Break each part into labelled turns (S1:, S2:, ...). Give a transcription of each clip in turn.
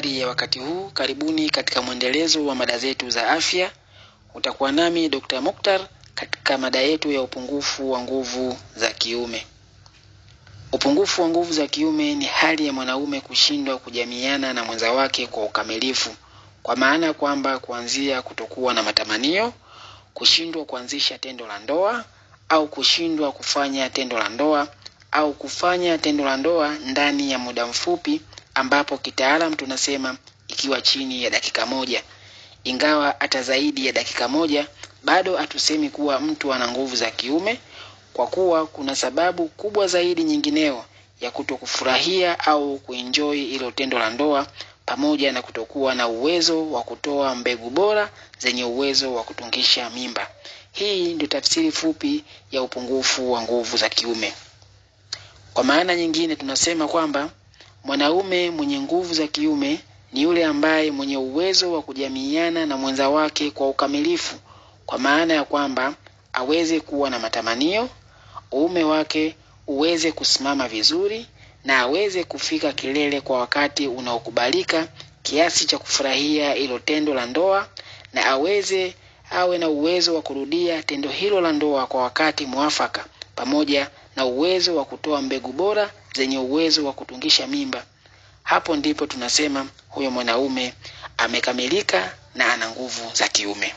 S1: habari ya wakati huu. Karibuni katika mwendelezo wa mada zetu za afya. Utakuwa nami Dr. Mukhtar katika mada yetu ya upungufu wa nguvu za kiume. Upungufu wa nguvu za kiume ni hali ya mwanaume kushindwa kujamiana na mwenza wake kwa ukamilifu, kwa maana kwamba kuanzia kutokuwa na matamanio, kushindwa kuanzisha tendo la ndoa au kushindwa kufanya tendo la ndoa au kufanya tendo la ndoa ndani ya muda mfupi ambapo kitaalam tunasema ikiwa chini ya dakika moja. Ingawa hata zaidi ya dakika moja bado hatusemi kuwa mtu ana nguvu za kiume, kwa kuwa kuna sababu kubwa zaidi nyingineo ya kutokufurahia au kuenjoy ilo tendo la ndoa, pamoja na kutokuwa na uwezo wa kutoa mbegu bora zenye uwezo wa kutungisha mimba. Hii ndio tafsiri fupi ya upungufu wa nguvu za kiume. Kwa maana nyingine tunasema kwamba Mwanaume mwenye nguvu za kiume ni yule ambaye mwenye uwezo wa kujamiiana na mwenza wake kwa ukamilifu, kwa maana ya kwamba aweze kuwa na matamanio, uume wake uweze kusimama vizuri na aweze kufika kilele kwa wakati unaokubalika kiasi cha kufurahia hilo tendo la ndoa na aweze awe na uwezo wa kurudia tendo hilo la ndoa kwa wakati mwafaka pamoja na uwezo wa kutoa mbegu bora zenye uwezo wa kutungisha mimba. Hapo ndipo tunasema huyo mwanaume amekamilika na ana nguvu za kiume.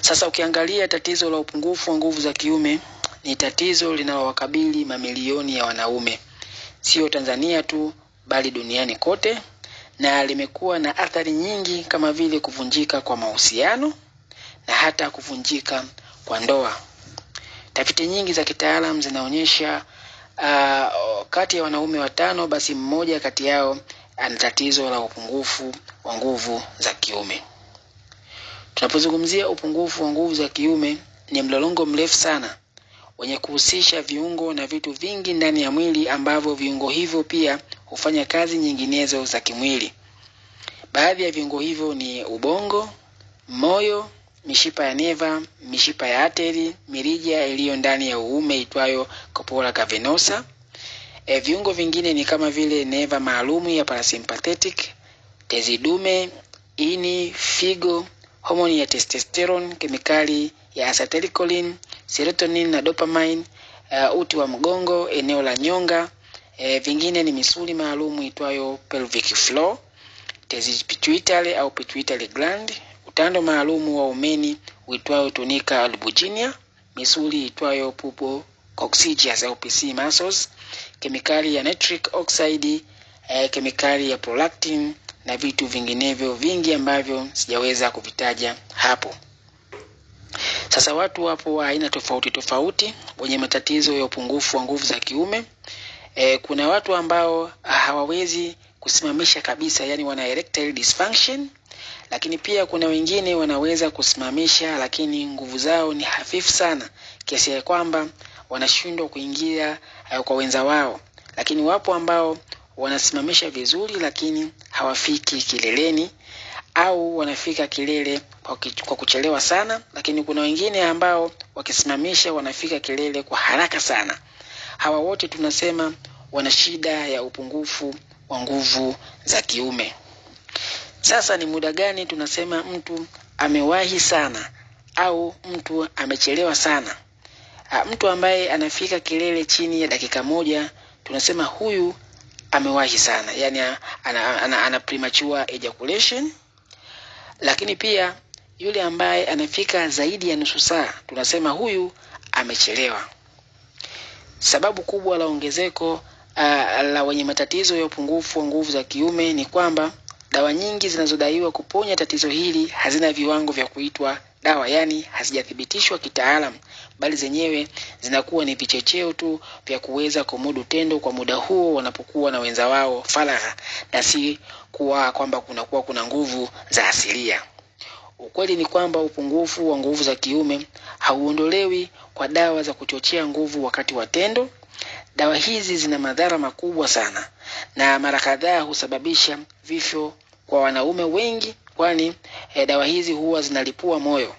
S1: Sasa ukiangalia tatizo la upungufu wa nguvu za kiume ni tatizo linalowakabili mamilioni ya wanaume, sio Tanzania tu, bali duniani kote, na limekuwa na athari nyingi kama vile kuvunjika kwa mahusiano na hata kuvunjika kwa ndoa. Tafiti nyingi za kitaalamu zinaonyesha uh, kati ya wanaume watano basi mmoja kati yao ana tatizo la upungufu wa nguvu za kiume. Tunapozungumzia upungufu wa nguvu za kiume, ni mlolongo mrefu sana wenye kuhusisha viungo na vitu vingi ndani ya mwili ambavyo viungo hivyo pia hufanya kazi nyinginezo za kimwili. Baadhi ya viungo hivyo ni ubongo, moyo, mishipa ya neva, mishipa ya ateri, mirija iliyo ndani ya uume itwayo corpora cavernosa. E, viungo vingine ni kama vile neva maalumu ya parasympathetic, tezi dume, ini, figo, homoni ya testosterone, kemikali ya acetylcholine, serotonin na dopamine, uh, uti wa mgongo, eneo la nyonga. E, vingine ni misuli maalumu itwayo pelvic floor, tezi pituitary au pituitary gland, utando maalumu wa umeni uitwayo tunica albuginea, misuli itwayo pupo coccygeus au muscles, kemikali ya nitric oxide, eh, kemikali ya prolactin na vitu vinginevyo vingi ambavyo sijaweza kuvitaja hapo. Sasa watu wapo wa aina tofauti tofauti wenye matatizo ya upungufu wa nguvu za kiume. E, kuna watu ambao hawawezi kusimamisha kabisa, yani wana erectile dysfunction lakini pia kuna wengine wanaweza kusimamisha, lakini nguvu zao ni hafifu sana kiasi ya kwamba wanashindwa kuingia eh, kwa wenza wao. Lakini wapo ambao wanasimamisha vizuri, lakini hawafiki kileleni au wanafika kilele kwa kuchelewa sana. Lakini kuna wengine ambao wakisimamisha wanafika kilele kwa haraka sana. Hawa wote tunasema wana shida ya upungufu wa nguvu za kiume. Sasa ni muda gani tunasema mtu amewahi sana au mtu amechelewa sana? A, ah, mtu ambaye anafika kilele chini ya dakika moja tunasema huyu amewahi sana, yani ana, ana, ana, ana premature ejaculation. Lakini pia yule ambaye anafika zaidi ya nusu saa tunasema huyu amechelewa. Sababu kubwa la ongezeko uh, la wenye matatizo ya upungufu wa nguvu za kiume ni kwamba Dawa nyingi zinazodaiwa kuponya tatizo hili hazina viwango vya kuitwa dawa, yaani hazijathibitishwa kitaalamu, bali zenyewe zinakuwa ni vichecheo tu vya kuweza kumudu tendo kwa muda huo wanapokuwa na wenza wao faragha, na si kuwa kwamba kunakuwa kuna nguvu za asilia. Ukweli ni kwamba upungufu wa nguvu za kiume hauondolewi kwa dawa za kuchochea nguvu wakati wa tendo. Dawa hizi zina madhara makubwa sana na mara kadhaa husababisha vifo kwa wanaume wengi, kwani eh, dawa hizi huwa zinalipua moyo.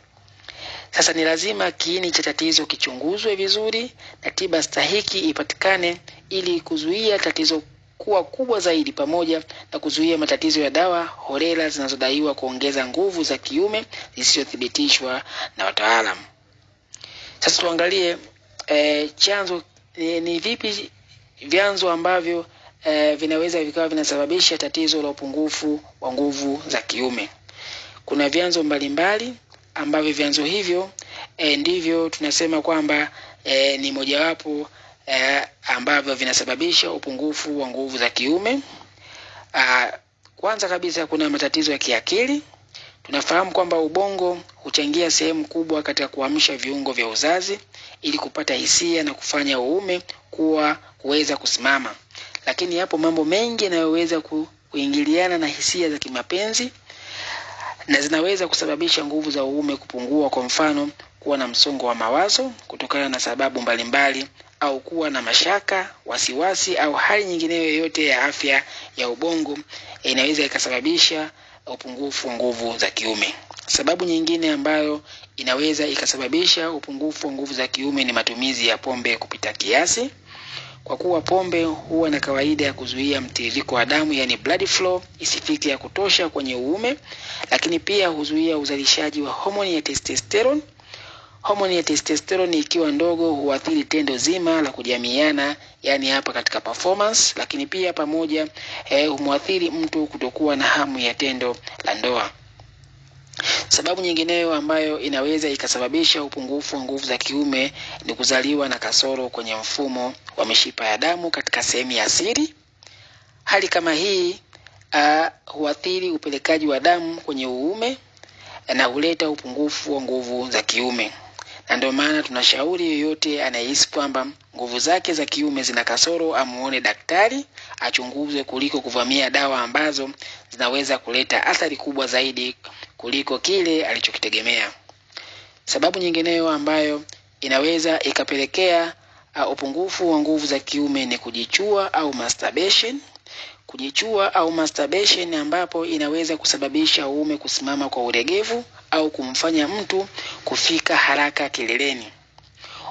S1: Sasa ni lazima kiini cha tatizo kichunguzwe vizuri na tiba stahiki ipatikane ili kuzuia tatizo kuwa kubwa zaidi pamoja na kuzuia matatizo ya dawa holela zinazodaiwa kuongeza nguvu za kiume zisizothibitishwa na wataalamu. Sasa tuangalie e, chanzo ni, ni vipi vyanzo ambavyo eh, vinaweza vikawa vinasababisha tatizo la upungufu wa nguvu za kiume. Kuna vyanzo mbalimbali ambavyo vyanzo hivyo eh, ndivyo tunasema kwamba eh, ni mojawapo eh, ambavyo vinasababisha upungufu wa nguvu za kiume. Ah, kwanza kabisa kuna matatizo ya kiakili. Tunafahamu kwamba ubongo huchangia sehemu kubwa katika kuamsha viungo vya uzazi ili kupata hisia na kufanya uume kuwa kuweza kusimama lakini yapo mambo mengi yanayoweza kuingiliana na hisia za kimapenzi na zinaweza kusababisha nguvu za uume kupungua, kwa mfano kuwa na msongo wa mawazo kutokana na sababu mbalimbali mbali, au kuwa na mashaka, wasiwasi au hali nyingineyo yoyote ya afya ya ubongo inaweza ikasababisha upungufu wa nguvu za kiume. Sababu nyingine ambayo inaweza ikasababisha upungufu wa nguvu za kiume ni matumizi ya pombe kupita kiasi kwa kuwa pombe huwa na kawaida ya kuzuia mtiririko wa damu yani blood flow isifike ya kutosha kwenye uume, lakini pia huzuia uzalishaji wa homoni ya testosterone. Homoni ya testosterone ikiwa ndogo huathiri tendo zima la kujamiana, yani hapa katika performance, lakini pia pamoja eh, humwathiri mtu kutokuwa na hamu ya tendo la ndoa. Sababu nyingineyo ambayo inaweza ikasababisha upungufu wa nguvu za kiume ni kuzaliwa na kasoro kwenye mfumo wa mishipa ya damu katika sehemu ya siri. Hali kama hii uh, huathiri upelekaji wa damu kwenye uume na huleta upungufu wa nguvu za kiume, na ndio maana tunashauri yoyote anayehisi kwamba nguvu zake za kiume zina kasoro amuone daktari achunguzwe, kuliko kuvamia dawa ambazo zinaweza kuleta athari kubwa zaidi kuliko kile alichokitegemea. Sababu nyingineyo ambayo inaweza ikapelekea uh, upungufu wa nguvu za kiume ni kujichua au masturbation. Kujichua au masturbation ambapo inaweza kusababisha uume kusimama kwa uregevu au kumfanya mtu kufika haraka kileleni.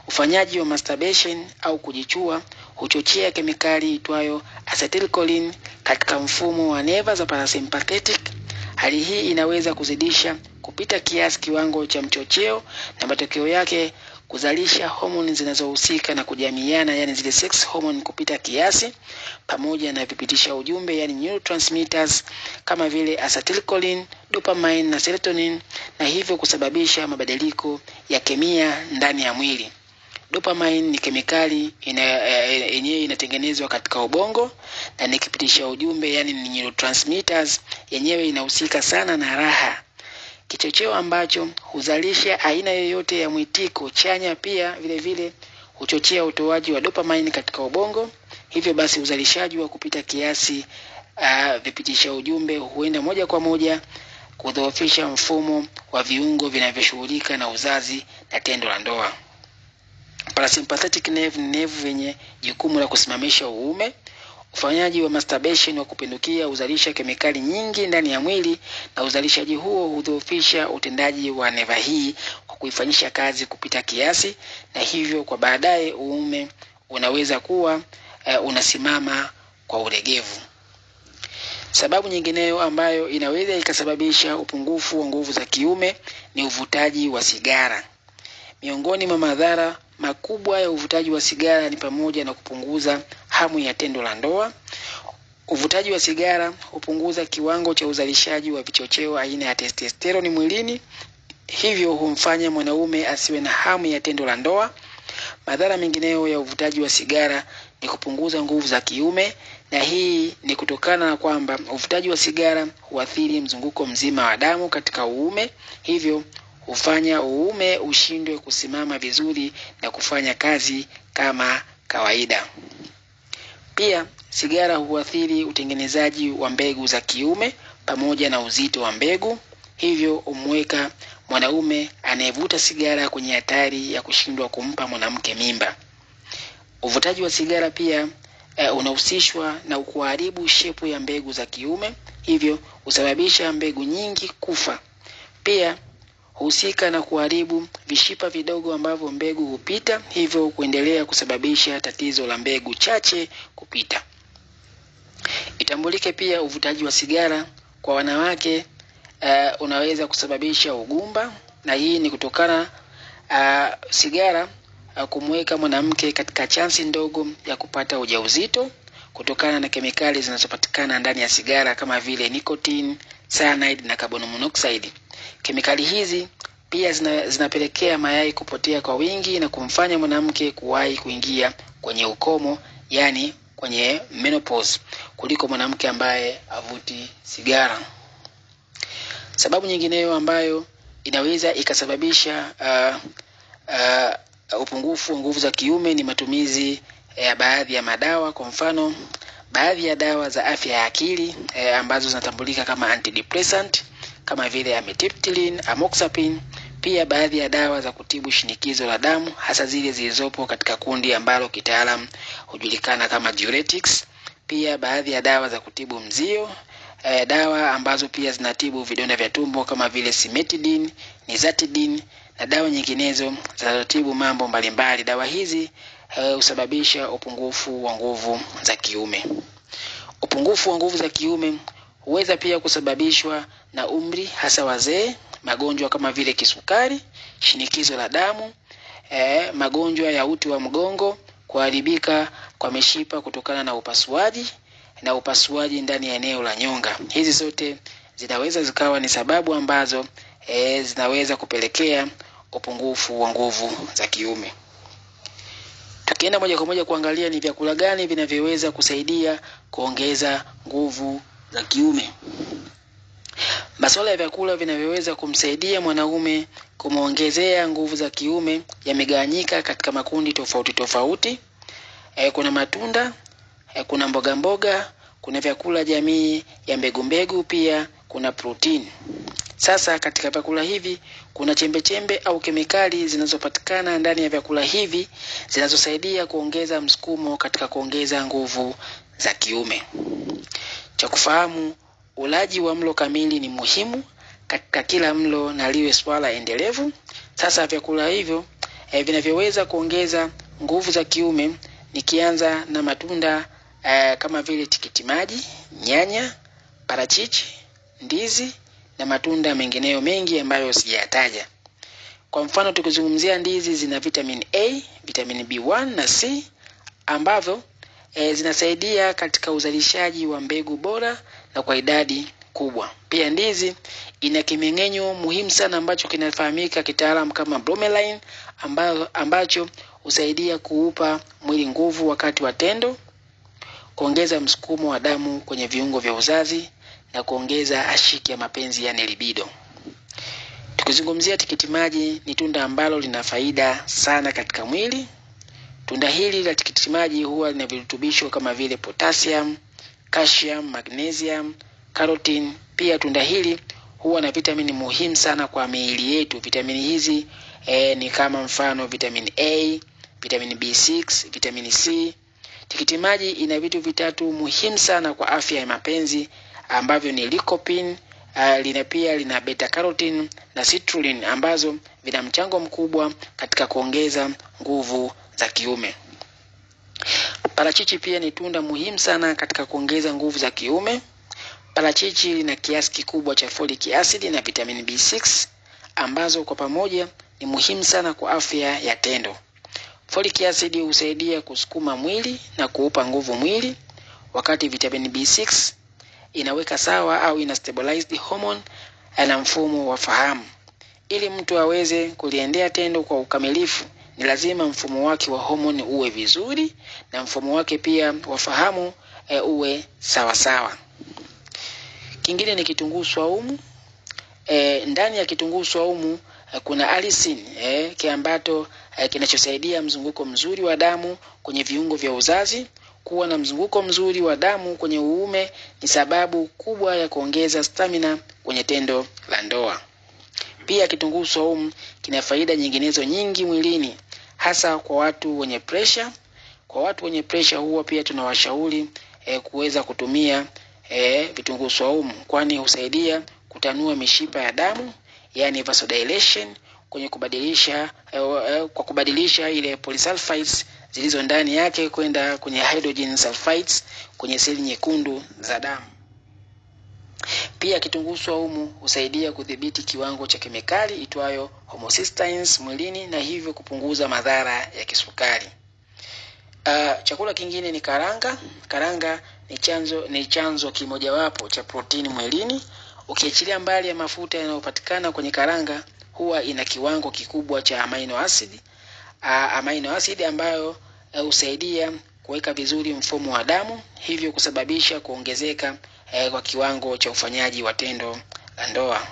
S1: Ufanyaji wa masturbation au kujichua huchochea kemikali itwayo acetylcholine katika mfumo wa neva za parasympathetic Hali hii inaweza kuzidisha kupita kiasi kiwango cha mchocheo na matokeo yake kuzalisha homoni zinazohusika na kujamiiana, yani zile sex hormone kupita kiasi, pamoja na vipitisha ujumbe, yani neurotransmitters kama vile acetylcholine, dopamine na serotonin, na hivyo kusababisha mabadiliko ya kemia ndani ya mwili. Dopamine ni kemikali eh, eh, yenyewe ina, inatengenezwa katika ubongo na nikipitisha ujumbe, yani ni neurotransmitters yenyewe inahusika sana na raha, kichocheo ambacho huzalisha aina yoyote ya mwitiko chanya. Pia vile vile huchochea utoaji wa dopamine katika ubongo, hivyo basi uzalishaji wa kupita kiasi uh, vipitisha ujumbe huenda moja kwa moja kudhoofisha mfumo wa viungo vinavyoshughulika na uzazi na tendo la ndoa. Parasympathetic nerve ni nevu yenye jukumu la kusimamisha uume. Ufanyaji wa masturbation wa kupindukia huzalisha kemikali nyingi ndani ya mwili na uzalishaji huo hudhoofisha utendaji wa neva hii kwa kuifanyisha kazi kupita kiasi, na hivyo kwa baadaye uume unaweza kuwa uh, unasimama kwa uregevu Sababu nyingineyo ambayo inaweza ikasababisha upungufu wa nguvu za kiume ni uvutaji wa sigara. Miongoni mwa madhara Makubwa ya uvutaji wa sigara ni pamoja na kupunguza hamu ya tendo la ndoa. Uvutaji wa sigara hupunguza kiwango cha uzalishaji wa vichocheo aina ya testosteroni mwilini, hivyo humfanya mwanaume asiwe na hamu ya tendo la ndoa. Madhara mengineyo ya uvutaji wa sigara ni kupunguza nguvu za kiume, na hii ni kutokana na kwamba uvutaji wa sigara huathiri mzunguko mzima wa damu katika uume, hivyo hufanya uume ushindwe kusimama vizuri na kufanya kazi kama kawaida. Pia sigara huathiri utengenezaji wa mbegu za kiume pamoja na uzito wa mbegu, hivyo humweka mwanaume anayevuta sigara kwenye hatari ya kushindwa kumpa mwanamke mimba. Uvutaji wa sigara pia e, unahusishwa na kuharibu shepu ya mbegu za kiume, hivyo husababisha mbegu nyingi kufa. Pia husika na kuharibu vishipa vidogo ambavyo mbegu hupita, hivyo kuendelea kusababisha tatizo la mbegu chache kupita. Itambulike pia uvutaji wa sigara kwa wanawake uh, unaweza kusababisha ugumba, na hii ni kutokana uh, sigara uh, eh, kumweka mwanamke katika chansi ndogo ya kupata ujauzito kutokana na kemikali zinazopatikana ndani ya sigara kama vile nicotine, cyanide na carbon monoxide. Kemikali hizi pia zina, zinapelekea mayai kupotea kwa wingi na kumfanya mwanamke kuwahi kuingia kwenye ukomo, yani kwenye menopause kuliko mwanamke ambaye avuti sigara. Sababu nyingineyo ambayo inaweza ikasababisha uh, uh, upungufu wa nguvu za kiume ni matumizi eh, ya baadhi ya madawa. Kwa mfano, baadhi ya dawa za afya ya akili eh, ambazo zinatambulika kama antidepressant kama vile amitriptyline, amoxapine pia baadhi ya dawa za kutibu shinikizo la damu hasa zile zilizopo katika kundi ambalo kitaalam hujulikana kama diuretics. Pia baadhi ya dawa za kutibu mzio e, dawa ambazo pia zinatibu vidonda vya tumbo kama vile simetidine, nizatidine na dawa nyinginezo zinazotibu mambo mbalimbali. Dawa hizi eh, husababisha e, upungufu wa nguvu za kiume. Upungufu wa nguvu za kiume huweza pia kusababishwa na umri, hasa wazee, magonjwa kama vile kisukari, shinikizo la damu, eh, magonjwa ya uti wa mgongo, kuharibika kwa mishipa kutokana na upasuaji na upasuaji ndani ya eneo la nyonga. Hizi zote zinaweza zikawa ni sababu ambazo e, zinaweza kupelekea upungufu wa nguvu za kiume. Tukienda moja kwa moja kuangalia ni vyakula gani vinavyoweza kusaidia kuongeza nguvu za kiume. Masuala ya vyakula vinavyoweza kumsaidia mwanaume kumwongezea nguvu za kiume yamegawanyika katika makundi tofauti tofauti. E, kuna matunda e, kuna mboga mboga, kuna vyakula jamii ya mbegu mbegu, pia kuna protini. Sasa katika vyakula hivi kuna chembechembe -chembe au kemikali zinazopatikana ndani ya vyakula hivi zinazosaidia kuongeza msukumo katika kuongeza nguvu za kiume. Cha kufahamu, ulaji wa mlo kamili ni muhimu katika kila mlo na liwe swala endelevu. Sasa vyakula hivyo eh, vinavyoweza kuongeza nguvu za kiume, nikianza na matunda eh, kama vile tikiti maji, nyanya, parachichi, ndizi na matunda mengineyo mengi ambayo sijayataja. Kwa mfano, tukizungumzia ndizi, zina vitamin A, vitamin B1 na C ambavyo e, zinasaidia katika uzalishaji wa mbegu bora na kwa idadi kubwa. Pia ndizi ina kimeng'enyo muhimu sana ambacho kinafahamika kitaalamu kama bromelain ambacho husaidia kuupa mwili nguvu wakati wa tendo, kuongeza msukumo wa damu kwenye viungo vya uzazi na kuongeza ashiki ya mapenzi yani libido. Tukizungumzia tikiti maji, ni tunda ambalo lina faida sana katika mwili. Tunda hili la tikiti maji huwa lina virutubisho kama vile potassium, calcium, magnesium, carotene. Pia tunda hili huwa na vitamini muhimu sana kwa miili yetu. Vitamini hizi e, ni kama mfano vitamin A, vitamin B6, vitamin C. Tikiti maji ina vitu vitatu muhimu sana kwa afya ya mapenzi ambavyo ni lycopene, Uh, lina pia lina beta carotene na citrulline ambazo vina mchango mkubwa katika kuongeza nguvu za kiume. Parachichi pia ni tunda muhimu sana katika kuongeza nguvu za kiume. Parachichi lina kiasi kikubwa cha folic acid na vitamin B6 ambazo kwa pamoja ni muhimu sana kwa afya ya tendo. Folic acid husaidia kusukuma mwili na kuupa nguvu mwili, wakati vitamin B6 inaweka sawa au ina stabilized hormone na mfumo wa fahamu ili mtu aweze kuliendea tendo kwa ukamilifu ni lazima mfumo wake wa homoni uwe vizuri na mfumo wake pia wafahamu e, eh, uwe sawasawa sawa. Kingine ni kitunguu swaumu. E, ndani ya kitunguu swaumu e, kuna alisin e, kiambato e, kinachosaidia mzunguko mzuri wa damu kwenye viungo vya uzazi. Kuwa na mzunguko mzuri wa damu kwenye uume ni sababu kubwa ya kuongeza stamina kwenye tendo la ndoa. Pia kitunguu swaumu kina faida nyinginezo nyingi mwilini hasa kwa watu wenye pressure. Kwa watu wenye presha huwa pia tunawashauri e, kuweza kutumia e, vitunguu swaumu, kwani husaidia kutanua mishipa ya damu, yani vasodilation kwenye kubadilisha e, e, kwa kubadilisha ile polysulfides zilizo ndani yake kwenda kwenye hydrogen sulfides kwenye seli nyekundu za damu. Pia kitunguu swaumu husaidia kudhibiti kiwango cha kemikali itwayo homocysteines mwilini na hivyo kupunguza madhara ya kisukari. Uh, chakula kingine ni karanga. Karanga ni chanzo ni chanzo kimojawapo cha protini mwilini. Ukiachilia mbali ya mafuta yanayopatikana kwenye karanga, huwa ina kiwango kikubwa cha amino acid uh, amino acid ambayo uh, husaidia uh, kuweka vizuri mfumo wa damu, hivyo kusababisha kuongezeka eh, kwa kiwango cha ufanyaji wa tendo la ndoa.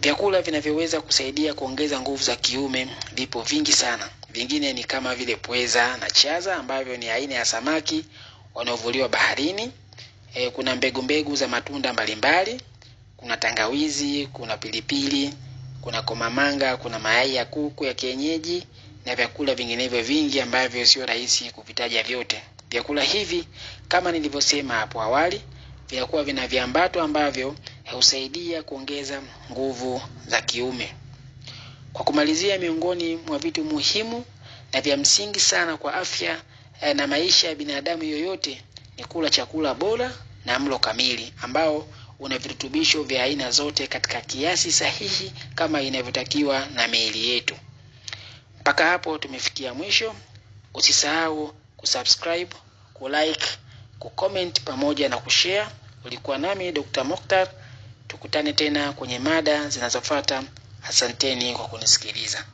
S1: Vyakula vinavyoweza kusaidia kuongeza nguvu za kiume vipo vingi sana. Vingine ni kama vile pweza na chaza ambavyo ni aina ya samaki wanaovuliwa baharini. E, kuna mbegu mbegu za matunda mbalimbali, kuna tangawizi, kuna pilipili, kuna komamanga, kuna mayai ya kuku ya kienyeji na vyakula vinginevyo vingi ambavyo sio rahisi kuvitaja vyote. Vyakula hivi kama nilivyosema hapo awali vinakuwa vina viambato ambavyo husaidia kuongeza nguvu za kiume. Kwa kumalizia, miongoni mwa vitu muhimu na vya msingi sana kwa afya eh, na maisha ya binadamu yoyote ni kula chakula bora na mlo kamili ambao una virutubisho vya aina zote katika kiasi sahihi kama inavyotakiwa na miili yetu. Mpaka hapo tumefikia mwisho. Usisahau kusubscribe, kulike, kucomment pamoja na kushare. Ulikuwa nami Dr. Mokhtar, tukutane tena kwenye mada zinazofuata. Asanteni kwa kunisikiliza.